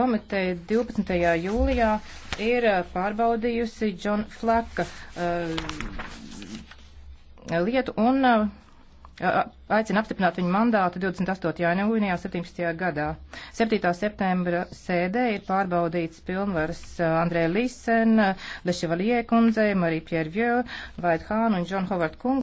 komiteja 12. jūlijā ir eh, pārbaudījusi Džona Flaka uh, eh, lietu un uh, aicina apstiprināt viņu mandātu 28. jūnijā 17. gadā. 7. septembra sēdē ir pārbaudīts pilnvaras Andrē Līsen, Leševalie kundzei, Marija Piervjē, Vaidhānu un Džona Hovardu kungu.